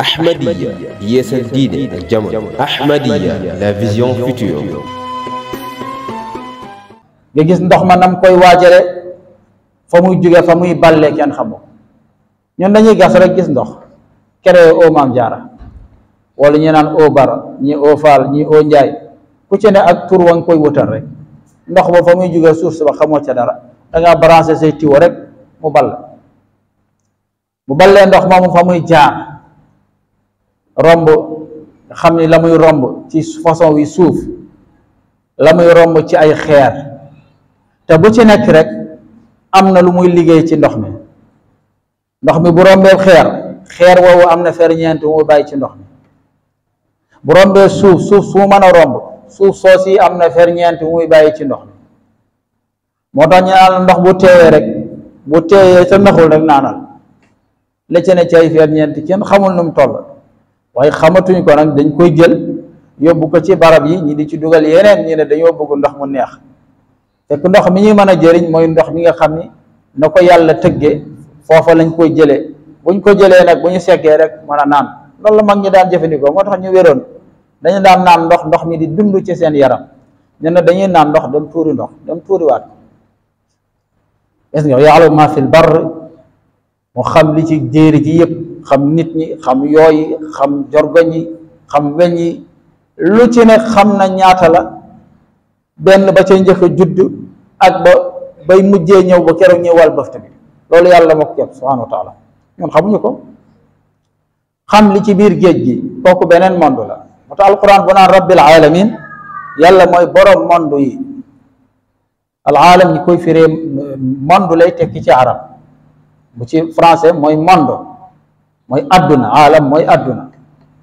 Ahmadiyya yeesal diine ak jamono Ahmadiyya la vision future nga gis ndox ma nam koy waajale fa muy jóge fa muy balle kenn xamu ñun dañuy gas rek gis ndox créé o maam jaara wala ñu naan o bara ñi o faal ñi o njaay ku ci ne ak tur wa koy wutal rek ndox ba fa muy jóge suuf si ba xamoo ca dara dangaa branché say tiwo rek mu ball mu ballee ndox moomu fa muy jaar romb xam ni la muy romb ci façon wi suuf la muy romb ci ay xeer te bu ci nekk rek am na lu muy liggéey ci ndox mi ndox mi bu rombee xeer xeer woowu am na ferñeent mu bàyyi ci ndox mi bu suuf suuf su mu romb suuf soos yi am na ferñeent muy bàyyi ci ndox mi moo tax ñu naan ndox bu teewee rek bu teeyee te naxul rek naanal la ci ne ci ay ferñeent kenn xamul nu mu toll waaye xamatuñu ko nag dañ koy jël yóbbu ko ci barab yi ñi di ci dugal yeneen ñi ne dañoo bëgg ndox mu neex fekk ndox mi ñuy mën a jëriñ mooy ndox mi nga xam ni na ko yàlla tëgge foofa lañ koy jëlee buñ ko jëlee nag bu ñu seggee rek mën a naan loolu la mag ñu daan jëfandikoo moo tax ñu wéroon dañu daan naan ndox ndox mi di dund ci seen yaram ñu ne dañuy naan ndox dem tuuri ndox dem tuuri waat gis nga ya'lamu ma fil barr mu xam li ci jéeri ji yëpp xam nit ñi xam yooyi xam jorgoñ yi xam weñ yi lu ci ne xam na ñaata la benn ba ca njëkk judd ak ba bay mujjee ñëw ba keroog ñuy wàll bëft bi loolu yàlla moo ko jot subhanahu wa taala ñun xamuñu ko xam li ci biir géej gi kooku beneen monde la moo tax alquran bu naan rabbil alamin yàlla mooy borom monde yi alalam ñi koy firee monde lay tekki ci arab bu ci français mooy monde mooy àdduna aalam mooy àdduna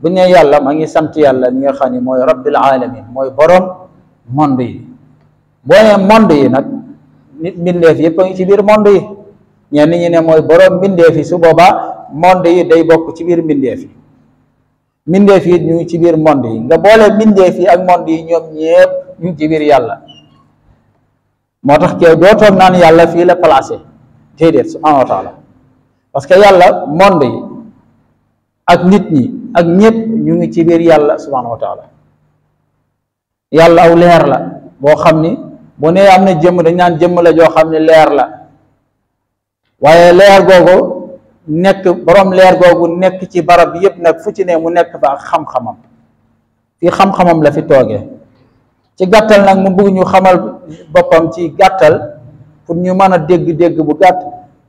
bu ne yàlla ma ngi sant yàlla mi nga xam ne mooy rabbil alamin mooy boroom monde yi boo ne monde yi nag nit mbindeef yëpp a ngi ci biir monde yi ñenn ñi ne mooy boroom mbindeef yi su boobaa monde day bokk ci biir mbindeef yi mbindeef yi ñu ngi ci biir monde yi nga boole mbindeef yi ak monde yi ñoom ñëpp ñu ngi ci biir yàlla moo tax kee doo toog naan yàlla fii la placé déedéet subhanahu wa taala parce que yàlla monde yi ak nit ñi ak ñépp ñu ngi ci biir yàlla subhanahu yàlla aw leer la boo xam ni bu nee am na jëmm dañ naan jëmm la joo xam ni leer la waaye leer googu nekk boroom leer googu nekk ci barab yépp nag fu ci ne mu nekk fa ak xam-xamam fi xam-xamam la fi toogee ci gàttal nag mu bëgg ñu xamal boppam ci gàttal pour ñu mën a dégg-dégg bu gàtt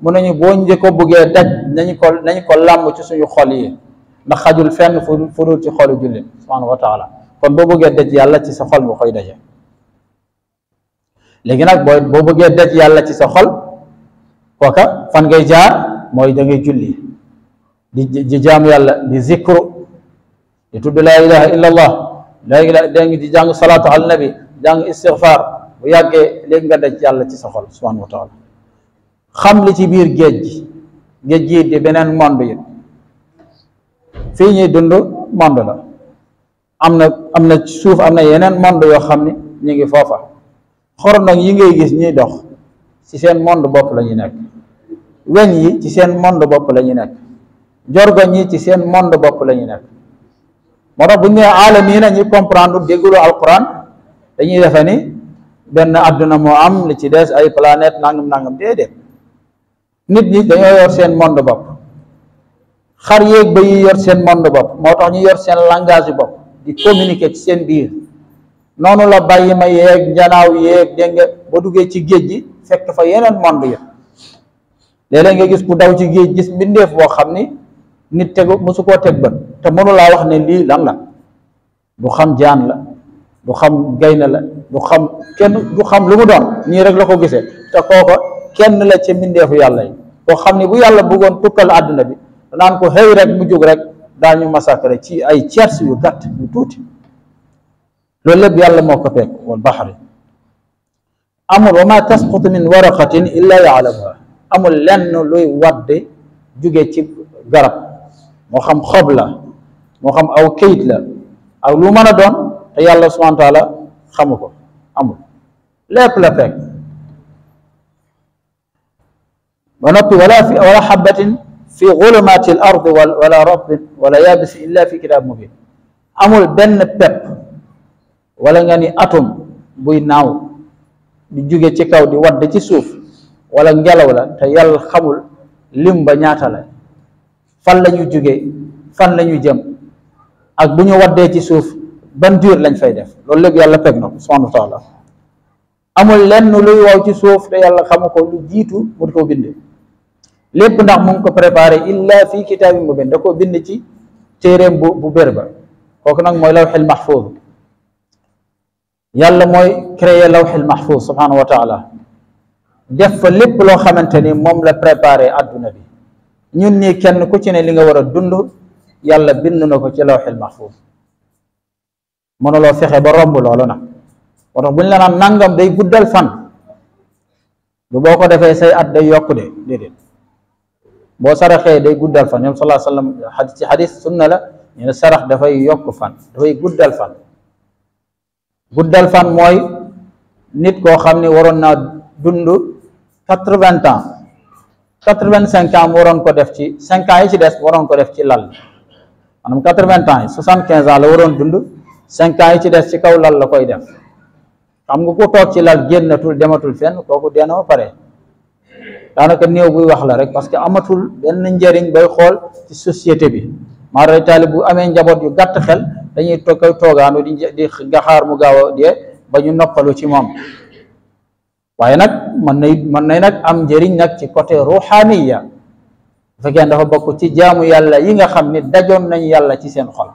mun nañu boo ñu ko bëggee daj nañu ko nañu ko làmb ci suñu xol yi ndax xajul fenn fu dul ci xolu jullit subhanahu wa taala kon boo bëggee daj yàlla ci sa xol nga koy daje léegi nag boo bëggee daj yàlla ci sa xol kooka fan ngay jaar mooy dangay ngay julli di di jaamu yàlla di zikru di tudd laa ilaha illa allah laa ilaha di jàng salaatu ala nabi jàng istigfaar bu yàggee léegi nga daj yàlla ci sa xol subhanahu wa taala xam li ci biir géej gi géej gi di beneen monde yi fii ñuy dund monde la am na am na suuf am na yeneen monde yoo xam ni ñu ngi foofa xorondong yi ngay gis ñuy dox ci seen monde bopp la ñu nekk weñ yi ci seen monde bopp la nekk jorgoñ yi ci seen monde bopp lañu ñu nekk moo tax bu ñu nee aalamiina ñu comprendre déggulu alquran dañuy defe ni benn àdduna moo am li ci des ay planète nangam nangam déedéet nit ñi dañoo yor seen monde bopp xar yéeg ba yi yor seen monde bopp moo tax ñu yor seen langage bopp di communiquer ci seen biir noonu la bàyyi ma yeeg njanaaw yeeg dégg ba duggee ci géej gi fekk fa yeneen monde yi léeg-léeg nga gis bu daw ci géej gis mbindeef boo xam ni nit tegu mosu koo teg bët te mënu laa wax ne lii lan la du xam jaan la du xam gaynde la du xam kenn du xam lu mu doon nii rek la ko gisee te kooko kenn la ci mbindeefu yàlla yi boo xam ni bu yàlla bëggoon tukkal àdduna bi naan ko xëy rek mu jóg rek daañu massacre ci ay tiers yu gàtt yu tuuti loolu lépp yàlla moo ko fekk wal baxri amul wa ma tasqutu min waraqatin illa yaalamuha amul lenn luy wadde jóge ci garab moo xam xob la moo xam aw kayit la ak lu mën a doon te yàlla subhana taala xamu ko amul lépp la fekk ba noppi wala fi wala xabatin fi xulumaati l ard wala rabbin wala yabis illa fi kitaab mubin amul benn pepp wala nga ni atum buy naaw di jóge ci kaw di wadd ci suuf wala ngelaw la te yàlla xamul lim ba ñaata la fan la ñu jóge fan lañu jëm ak bu ñu waddee ci suuf ban diir lañ fay def loolu lépp yàlla peg na ko subhanahu wa taala amul lenn luy waw ci suuf te yàlla xamu ko lu jiitu mu di ko bindee lépp ndax mu ngi ko préparé illa fii kitaabin mubin da koo bind ci téeréem bu bu bér ba kooku nag mooy lawxil maxfuuz yàlla mooy créé lawxil maxfuuz subhanahu wa taala def fa lépp loo xamante ni moom la préparé àdduna bi ñun nii kenn ku ci ne li nga war a dund yàlla bind na ko ci lawxil maxfuuz mënuloo fexe ba romb loolu nag moo tax bu ñu la naan nangam day guddal fan bu boo ko defee say at day yokku de déedéet boo saraxee day guddal fan ñoom salaa ci xadis sunna la ne sarax dafay yokk fan dafay guddal fan guddal fan mooy nit koo xam ne waroon naa dund quatre vingt ans quatre vingt cinq waroon ko def ci cinq ans yi ci des waroon ko def ci lal maanaam quatre vingt ans yi la waroon dund cinq yi ci des ci kaw lal la koy def xam nga ko toog ci lal génnatul dematul fenn kooku dee pare daanaka néew buy wax la rek parce que amatul na njariñ bay xool ci société bi maa ray taalib bu amee njaboot yu gàtt xel dañuy toog koy toogaanu di nga xaar mu gaaw a ba ñu noppalu ci moom waaye nag mën nay mën nay nag am njëriñ nag ci côté ruhaniya bu fekkee dafa bokk ci jaamu yàlla yi nga xam ne dajoon nañ yàlla ci seen xol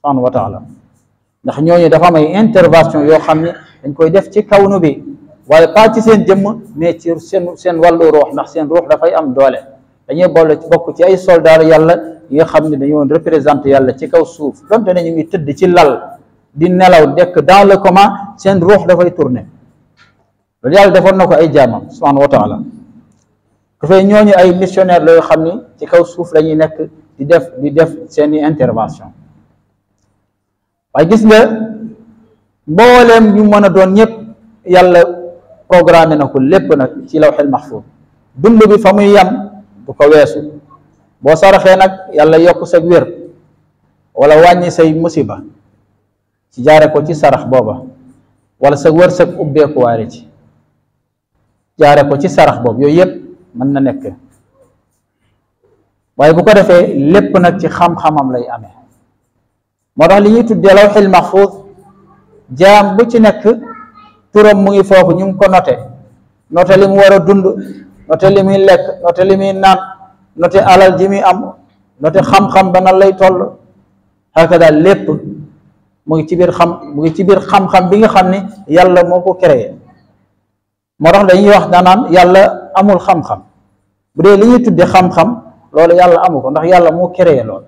subhanahu wa taala ndax ñooñu dafa am intervention yoo xam ne dañ koy def ci kawnu bi waaye pas ci seen jëmm mais ci seen seen wàllu ruux ndax seen ruux dafay am doole dañuy boole bokk ci ay soldaar yàlla yi nga xam ne dañoon représenté yàlla ci kaw suuf donte ne ñu ngi tëdd ci lal di nelaw dekk dans le coma seen ruux dafay tourné loolu yàlla defoon na ko ay jaamam subhanahu wa taala dafay ñooñu ay missionnaire la yoo xam ni ci kaw suuf la ñuy nekk di def di def seeni intervention waaye gis nga mbooleem ñu mën a doon ñëpp yàlla programme na ko lépp nak ci lawxil mahfuz dund bi fa yam du ko wessu bo saraxé nak yàlla yokk sa wér wala wañi say musiba ci jaare ko ci sarax boba wala sa ubbe ko waare ci jaare ko ci sarax bob yoy yeb man na nek waye bu ko defé lépp nak ci xam-xamam lay amé motax li ñi tuddé lawxil mahfuz jaam bu ci nek turam mu ngi foofu ñu ngi ko note note li mu war a dund note li muy lekk note li muy naan note alal ji muy am note xam-xam ba lay toll hakada lépp mu ngi ci biir xam ngi ci biir xam bi nga xam ni yàlla moo ko créé moo rax tax dañuy wax danaan yàlla amul xam-xam bu dee li ñuy tuddee xam-xam loolu yàlla amu ko ndax yàlla moo créé loolu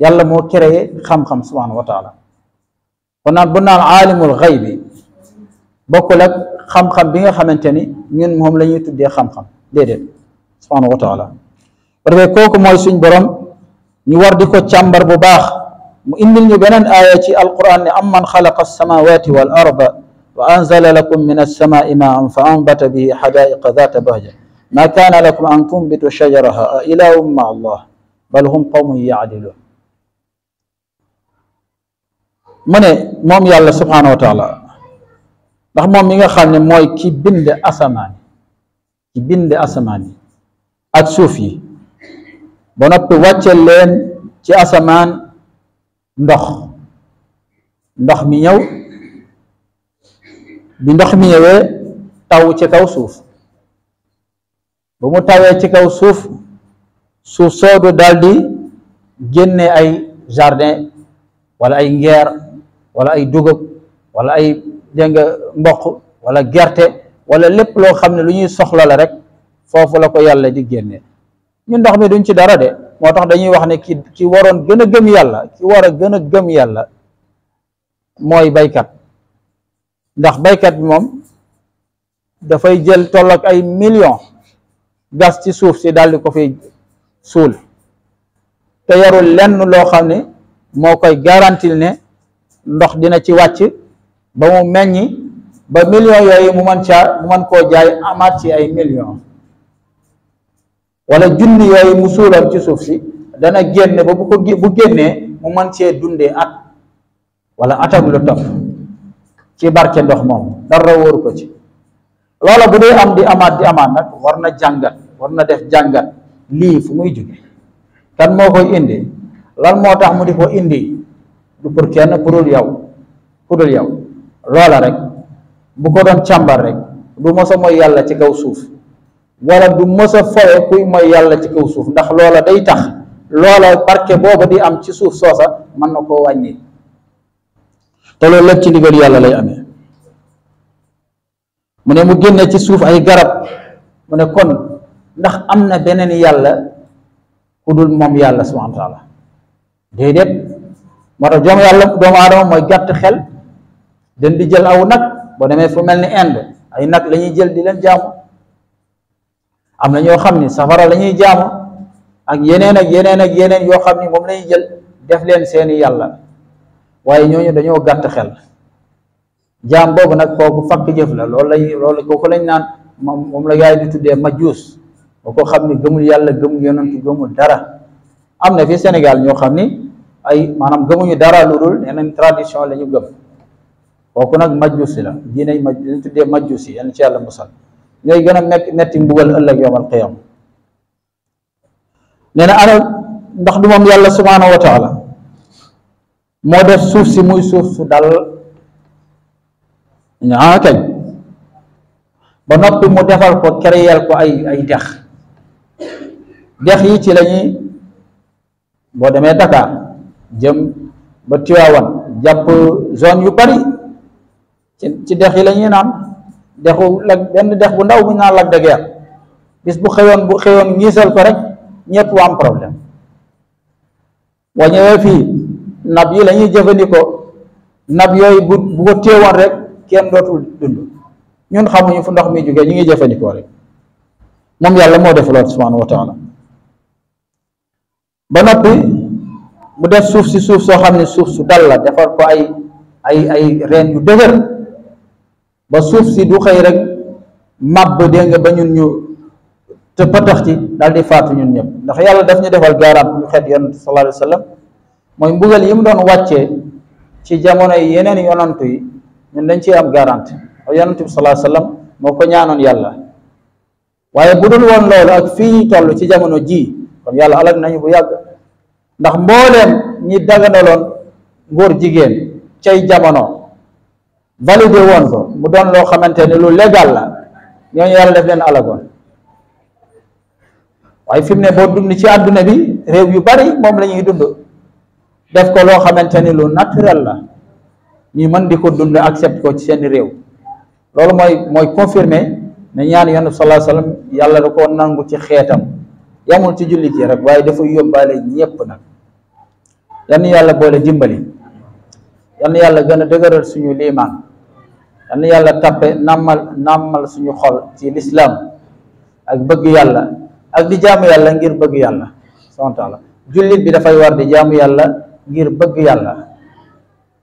yàlla moo créé xam-xam subhanahu wa bu naan aalimul xaybi بوكو لك خم خم بيغا خمانتاني نين مهم لن يتو دي خم خم دي دي سبحانه وتعالى بربي كوكو موي سوين بروم ني ديكو چامبر بو باخ مو اندل ني بنان آية چي خلق السماوات والأرض وأنزل لكم من السماء ماء فأنبت به حدائق ذات بهجة ما كان لكم أن تنبتوا شجرها أإله مع الله بل هم قوم يعدلون من موم يالله سبحانه وتعالى ndax moom mi nga xam ne mooy ki bind asamaan ci bind asamaan yi ak suuf yi ba noppi wàcce leen ci asamaan ndox ndox mi ñëw bi ndox mi ñëwee taw ci kaw suuf ba mu tawee ci kaw suuf suuf soodu daldi génne ay jardin wala ay ngeer wala ay dugub wala ay dégg nga mboq walla gerte wala lépp loo xam ne lu ñuy soxla la rek foofu la ko yàlla di génne ñun ndox mi duñ ci dara de moo tax dañuy wax ne ki ki waroon gën a gëm yàlla war a gën a gëm yàlla mooy baykat ndax baykat bi moom dafay jël tolloog ay million gas ci suuf si daal di ko fi suul te yarul lenn loo xam ne moo koy garantil ne ndox dina ci wàcc ba mu meññi ba million yooyu mu man caa mu mën koo jaay amaat ci ay million wala junni yooyu mu suuloon ci suuf si dana génn ba bu ko bu génnee mu man cee dundee at walla atam lu topp ci barke ndox moom dara wóoru ko ci loola bu dee am di amaat di amaat nag war na jàngat war na def jàngat lii fu muy jóge kan moo koy indi lan moo tax mu di ko indi du pour kenn pour yow pour yow loola rek bu ko don chambar rek du mos a mooy ci kaw suuf wala du mos a foye kuy moy yalla ci kaw suuf ndax lola day tax lola barke bobu di am ci suuf sosa man nako koo te loolu lépp ci digal yalla lay amé mune mu genné ci suuf ay garab mune kon ndax am na yalla kudul mom yalla subhanahu wa taala dedet mara jom yalla yàlla adam moy gatt xel den di jël aw nag boo demee fu mel ni Inde ay nag lañuy jël di leen jaamu am na ñoo xam ni safara lañuy ñuy jaamu ak yeneen ak yeneen ak yeneen yoo xam ni moom lañuy jël def leen seeni yàlla waaye ñooñu dañoo gàtt xel jaam boobu nag kooku fakk jëf la loolu lañ loolu kooku lañ naan moom la yaay di tuddee majuus boo ko xam ni gëmul yàlla gëmul yonentu gëmul dara am na fi Sénégal ñoo xam ni ay maanaam gëmuñu dara lu dul yeneen tradition lañu ñu gëm kooku nag majjusi la diinay maj li ñu tuddee majjusi yal ci yàlla musal ñooy gën a metti mbugal ëllëg yawmal qiyaama nee na ndax du moom yàlla subhaanahu wa taala moo def suuf si muy suuf su dal ñaa ah, kañ ba noppi mu defal ko créer ko ay dex dex yi ci lañuy boo demee Dakar jëm ba Tiwaawan jàpp zone yu bari ci dex yi la ñuy naan dexu lag benn dex bu ndaw bu ñu naan lag de bis bu xëyoon bu xëyoon ñiisal ko rek ñëpp wa am problème boo ñëwee fii nab yi lañuy jëfandikoo nab yooyu bu bu ko téewoon rek kenn dootul dund ñun xamuñu fu ndox mi jógee ñu ngi jëfandikoo rek moom yàlla moo def loolu subhanahu wa taala ba noppi mu def suuf si suuf soo xam ne suuf su dal la defar ko ay ay ay reen yu dëgër ba suuf si du xëy rek màbb dégg nga ba ñun ñu te pëtax ci daal di faatu ñun ñëpp ndax yàlla daf ñu defal gaaraam ñu xet yonent sallallahu alayhi wa mooy mbugal yi mu doon wàccee ci jamono yi yeneen yonant yi ñun dañ ciy am garanti yonent bi sallallahu alayhi moo ko ñaanoon yàlla waaye bu dul woon loolu ak fii ñu toll ci jamono jii kon yàlla alag nañu bu yàgg ndax mbooleem ñi daganaloon ngóor jigéen cay jamono validé woon ko mu doon loo xamante ni lu légal la ñooñu yàlla def leen alagoon waaye fi ne boo dund ci àdduna bi réew yu bari moom la ñuy dund def ko loo xamante ni lu naturel la ñuy mën di ko dund ak accepte ko ci seen réew loolu mooy mooy confirmer ne ñaan yonent bi sallallahu yàlla da ko nangu ci xeetam yamul ci jullit yi rek waaye dafa yóbbaale ñépp nag yan yàlla boole jimbali yan yàlla gën a dëgëral suñu liimaan yal yalla tapé namal namal suñu xol ci l'islam ak bëgg yalla ak di jaamu yalla ngir bëgg yalla subhaanahu wa jullit bi fay war di jaamu yalla ngir bëgg yalla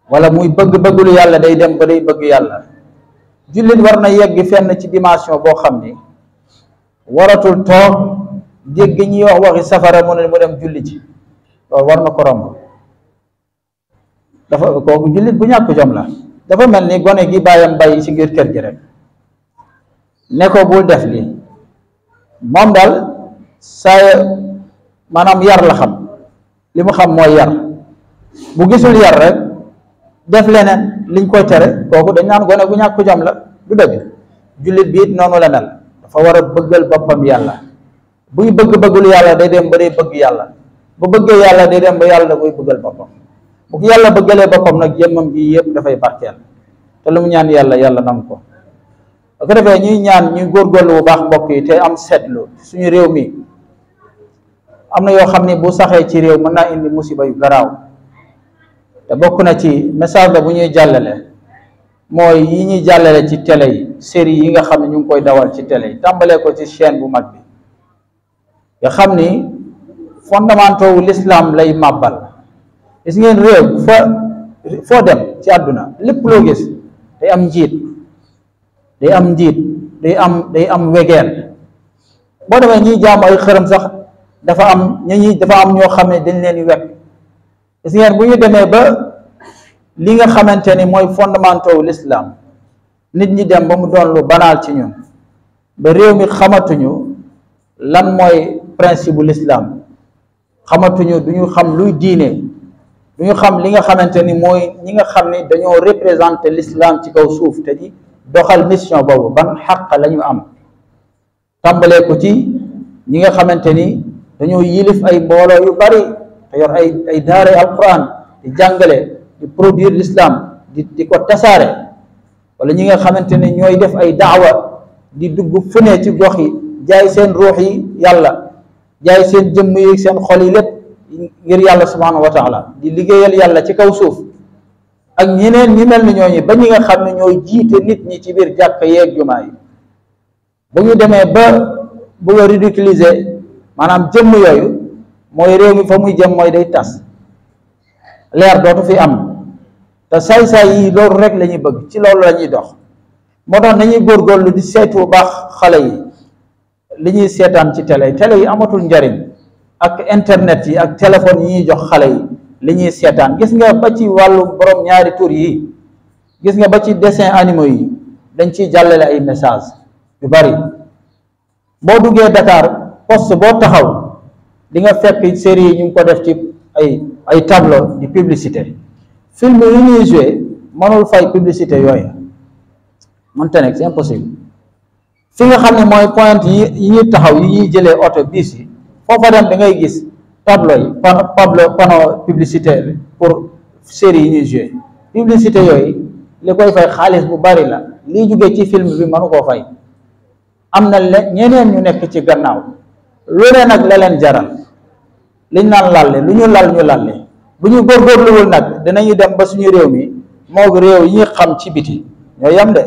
wala muy bëgg-bëggul yalla day dem ba day bëgg yalla jullit war na yegg fenn ci dimension bo xamni waratul toog degg ñi wax waxi safara mo ne mu dem julli ci war na ko romb dafa ko julit bu ñak jom la dafa mel ni gone gi bàyyam bàyyi ci biir kër gi rek ne ko bul def lii moom daal sa maanaam yar la xam li mu xam mooy yar bu gisul yar rek def leneen liñ koy tere kooku dañ naan gone gu ñàkk jom la du dëgg jullit bi it noonu la mel dafa war a bëggal boppam yàlla buy bëgg-bëggul yàlla day dem ba day bëgg yàlla bu bëggee yàlla day dem ba yàlla da koy bëggal boppam bu ko yàlla bëggalee boppam nag jëmmam ji yëpp dafay barkeel te lu mu ñaan yàlla yàlla nam ko bu ko defee ñuy ñaan ñuy góorgóorlu bu baax mbokk yi te am seetlu suñu réew mi am na yoo xam ni bu saxee ci réew mën naa indi musiba yu garaaw te bokk na ci message bu ñuy jàllale mooy yi ñuy jàllale ci télé yi série yi nga xam ne ñu ngi koy dawal ci télé yi tàmbalee ko ci chaîne bu mag bi nga xam ni fondamentaux wu l'islam lay màbbal gis ngeen réew fa foo dem ci àdduna lépp loo gis day am njiit day am njiit day am day am wegeel boo demee ñuy jaamu ay xërëm sax dafa am ñu ñuy dafa am ñoo xam ne dañ leen wekk gis ngeen bu ñu demee ba li nga xamante ni mooy fondamental wu nit ñi dem ba mu doon lu banaal ci ñun ba réew mi xamatuñu lan mooy principe bu l'islam xamatuñu duñu xam luy diine duñu xam li nga xamanteni moy ñi nga xamni dañoo représenter l'islam ci kaw suuf te di doxal mission bobu ban haqq lañu am tambalé ko ci ñi nga xamanteni dañoo yilif ay mbolo yu bari ay ay daara alquran di jàngale di produire l'islam di di ko tassaré wala ñi nga xamanteni ñoy def ay da'wa di dugg fune ci gox yi jaay seen ruux yi yàlla jaay seen jëm yi seen xol yi lépp ngir yàlla subhanahu wa taala di liggéeyal yàlla ci kaw suuf ak ñeneen ñi mel ni ñooñu ba ñi nga xam ne ñooy jiite nit ñi ci biir jàkk yeeg jumaa yi bu ñu demee ba bëgg a ridiculiser maanaam jëmm yooyu mooy réew mi fa muy jëm mooy day tas leer dootu fi am te saay-saay yi loolu rek lañuy bëgg ci loolu la ñuy dox moo tax nañuy góorgóorlu di seet bu baax xale yi li ñuy seetaan ci télé télé yi amatul njariñ ak internet yi ak téléphone yi ñuy jox xale yi li ñuy seetaan gis nga ba ci wàllu borom ñaari tur yi gis nga ba ci dessin animaux yi dañ ciy jàllale ay message yu bari boo duggee Dakar poste boo taxaw di nga fekk série yi ñu ngi ko def ci ay ay tableau di publicité film yu ñuy joué mënul fay publicité yooyu mënta nekk c'est impossible fi nga xam ne mooy point yi yi ñuy taxaw yi ñuy jëlee oto biis yi foofa tam da gis tableau yi panneau pablo panneau publicitaire bi pour série yi ñuy joué publicité yooyu li koy fay xaalis bu bari la lii jóge ci film bi mënu koo fay am na le ñeneen ñu nekk ci gannaaw lu ne nag la leen jara liñ naan lalle lu ñu lal ñu lalle bu ñu góorgóorluwul nag dinañu dem ba suñu réew mi moog réew yi xam ci biti ñoo yam de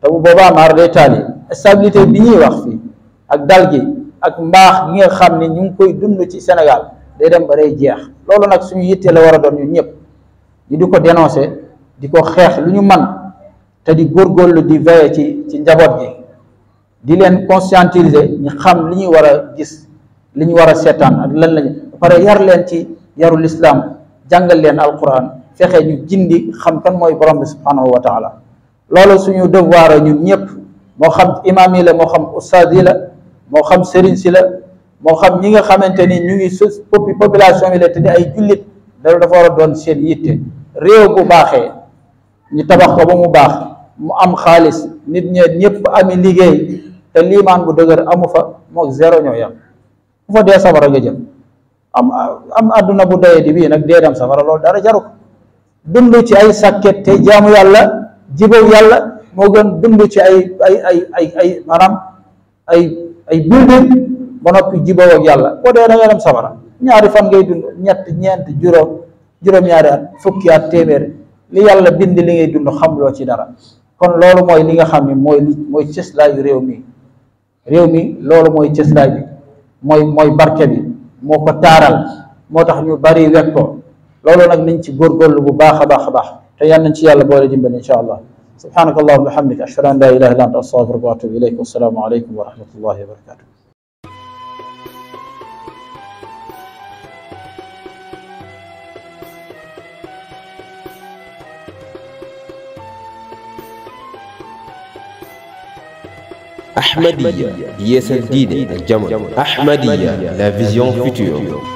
te bu boobaa maar day taali stabilité bi ñuy wax fii ak dal gi ak mbax ñi nga xamni ñu ngi koy dund ci Sénégal day dem ba ray jeex loolu nak suñu yitté la wara doon ñun ñëpp ñu diko ko dénoncer diko xex luñu man té di góorgóorlu di veiller ci ci njabot gi di len conscientiser ñi xam li ñu gis li ak lan lañu paré yar len ci yarul lislaam jangal len alquran fexé ñu jindi xam kan moy borom subhanahu wa taala loolu suñu devoir ñun ñëpp mo xam imam yi la mo xam yi la mo xam serigne sila mo xam ñi nga xamanteni ñu ngi population yi la te di ay jullit dara dafa wara doon seen yitté réew bu baxé ñu tabax ko bu mu bax mu am xaaliss nit ñe ñepp ami liggéey té liman bu deugër amu fa mo zéro ñoy am bu fa safara nga jëm am am aduna bu doyé di bii nag dam dem safara lool dara jaru dundu ci ay sàkket té jaamu yalla jibo yalla mo gën dundu ci ay ay ay ay ay ay ay bindin ba noppi jiboo yàlla boo dee da ngay sabara ñaari fan ngay dund ñett ñeent juróom juróom-ñaari at fukki at téeméer li yàlla bind li ngay dund xamloo ci dara kon loolu mooy li nga xam ne mooy li mooy cëslaayu réew mi réew mi loolu mooy cëslaay bi mooy mooy barke bi moo ko taaral moo tax ñu bari wek ko loolu nag nañ ci góorgóorlu bu baax a baax a baax te yàlla nañ ci yàlla boole dimbali incha allah سبحانك اللهم وبحمدك أشهد أن لا إله إلا أنت أستغفرك وأتوب إليك والسلام عليكم ورحمة الله وبركاته أحمدية يا Yes الجمل أحمدية لا فيزيون future.